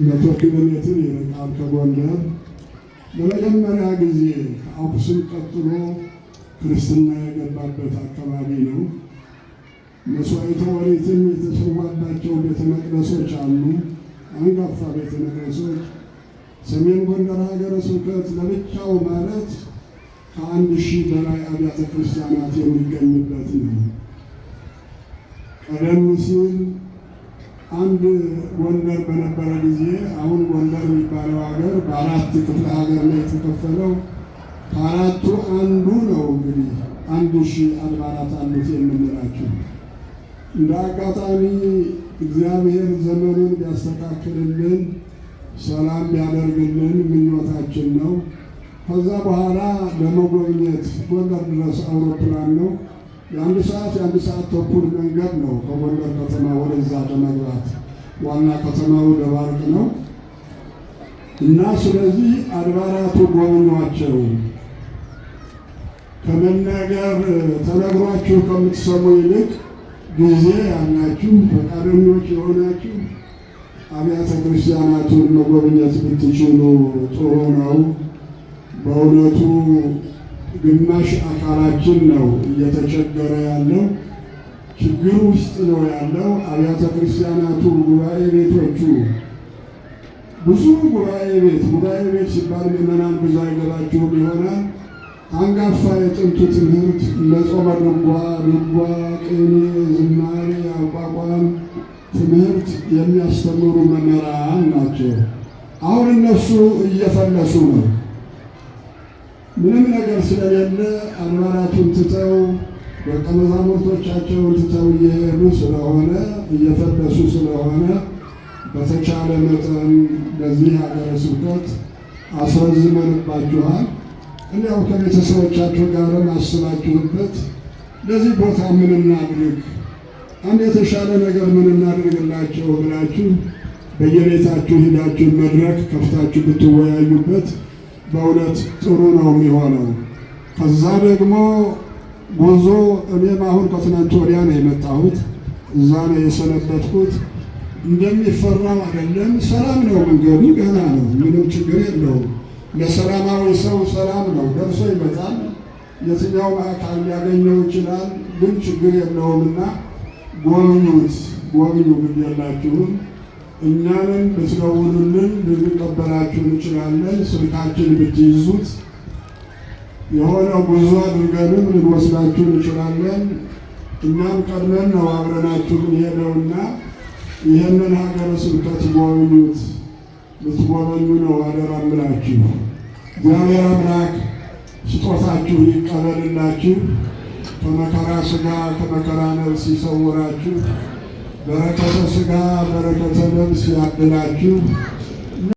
መቶ ኪሎ ሜትር ይርቃል ከጎንደር። ለመጀመሪያ ጊዜ ከአኩስም ቀጥሎ ክርስትና የገባበት አካባቢ ነው። መስዋዕተ ኦሪትም የተሰዋባቸው ቤተ መቅደሶች አሉ። አንጋፋ ቤተ መቅደሶች ሰሜን ጎንደር ሀገረ ስብከት ለብቻው ማለት ከአንድ ሺህ በላይ አብያተ ክርስቲያናት የሚገኙበት ነው። ቀደም ሲል አንድ ጎንደር በነበረ ጊዜ አሁን ጎንደር የሚባለው ሀገር በአራት ክፍለ ሀገር ላይ የተከፈለው ከአራቱ አንዱ ነው። እንግዲህ አንዱ ሺ አድባራት አሉት የምንላቸው እንደ አጋጣሚ እግዚአብሔር ዘመኑን ቢያስተካክልልን ሰላም ቢያደርግልን ምኞታችን ነው። ከዛ በኋላ ለመጎብኘት ጎንደር ድረስ አውሮፕላን ነው የአንድ ሰዓት የአንድ ሰዓት ተኩል መንገድ ነው ከጎንደር ከተማ ወደዛ ለመግባት ዋና ከተማው ደባርቅ ነው እና ስለዚህ አድባራቱ ጎብኗቸው። ከመናገር ተነግሯችሁ ከምትሰሙ ይልቅ ጊዜ ያላችሁ ፈቃደኞች የሆናችሁ አብያተ ክርስቲያናቱን መጎብኘት ብትችሉ ጥሩ ነው በእውነቱ ግማሽ አካላችን ነው እየተቸገረ ያለው፣ ችግር ውስጥ ነው ያለው። አብያተ ክርስቲያናቱ ጉባኤ ቤቶቹ ብዙ ጉባኤ ቤት ጉባኤ ቤት ሲባል ምዕመናን ብዙ አይገባችሁም ይሆናል። አንጋፋ የጥንቱ ትምህርት ለጾመ ድጓ፣ ድጓ፣ ቅኔ፣ ዝማሬ፣ አቋቋም ትምህርት የሚያስተምሩ መምህራን ናቸው። አሁን እነሱ እየፈለሱ ነው። ምንም ነገር ስለሌለ አድባራቱን ትተው ደቀ መዛሙርቶቻቸውን ትተው እየሄዱ ስለሆነ እየፈለሱ ስለሆነ በተቻለ መጠን በዚህ ሀገረ ስብከት አስረዝመንባችኋል። እንዲያው ከቤተሰቦቻችሁ ጋርም አስባችሁበት ለዚህ ቦታ ምን እናድርግ፣ አንድ የተሻለ ነገር ምን እናድርግላቸው ብላችሁ በየቤታችሁ ሂዳችሁ መድረክ ከፍታችሁ ብትወያዩበት በእውነት ጥሩ ነው የሚሆነው። ከዛ ደግሞ ጉዞ እኔም አሁን ከትናንት ወዲያ ነው የመጣሁት፣ እዛ ነው የሰነበትኩት። እንደሚፈራው አይደለም፣ ሰላም ነው መንገዱ፣ ገና ነው፣ ምንም ችግር የለውም። ለሰላማዊ ሰው ሰላም ነው፣ ደርሶ ይመጣል። የትኛው አካል ሊያገኘው ይችላል፣ ግን ችግር የለውምና ጎብኙት፣ ጎብኙ ግድ የላችሁም። እኛንም ብትደውሉልን ልንቀበላችሁ እንችላለን። ስልካችን ብትይዙት የሆነ ጉዞ አድርገንም ልንወስዳችሁ እንችላለን። እኛም ቀድመን ነው አብረናችሁ የሄደውና ይህንን ሀገረ ስብከት ጎብኙት፣ ልትጎበኙ ነው አደራ ምላችሁ። እግዚአብሔር አምላክ ስጦታችሁ ይቀበልላችሁ፣ ከመከራ ስጋ ከመከራ ነፍስ ይሰውራችሁ። በረከተ ስጋ በረከተ ነፍስ ያብላችሁ።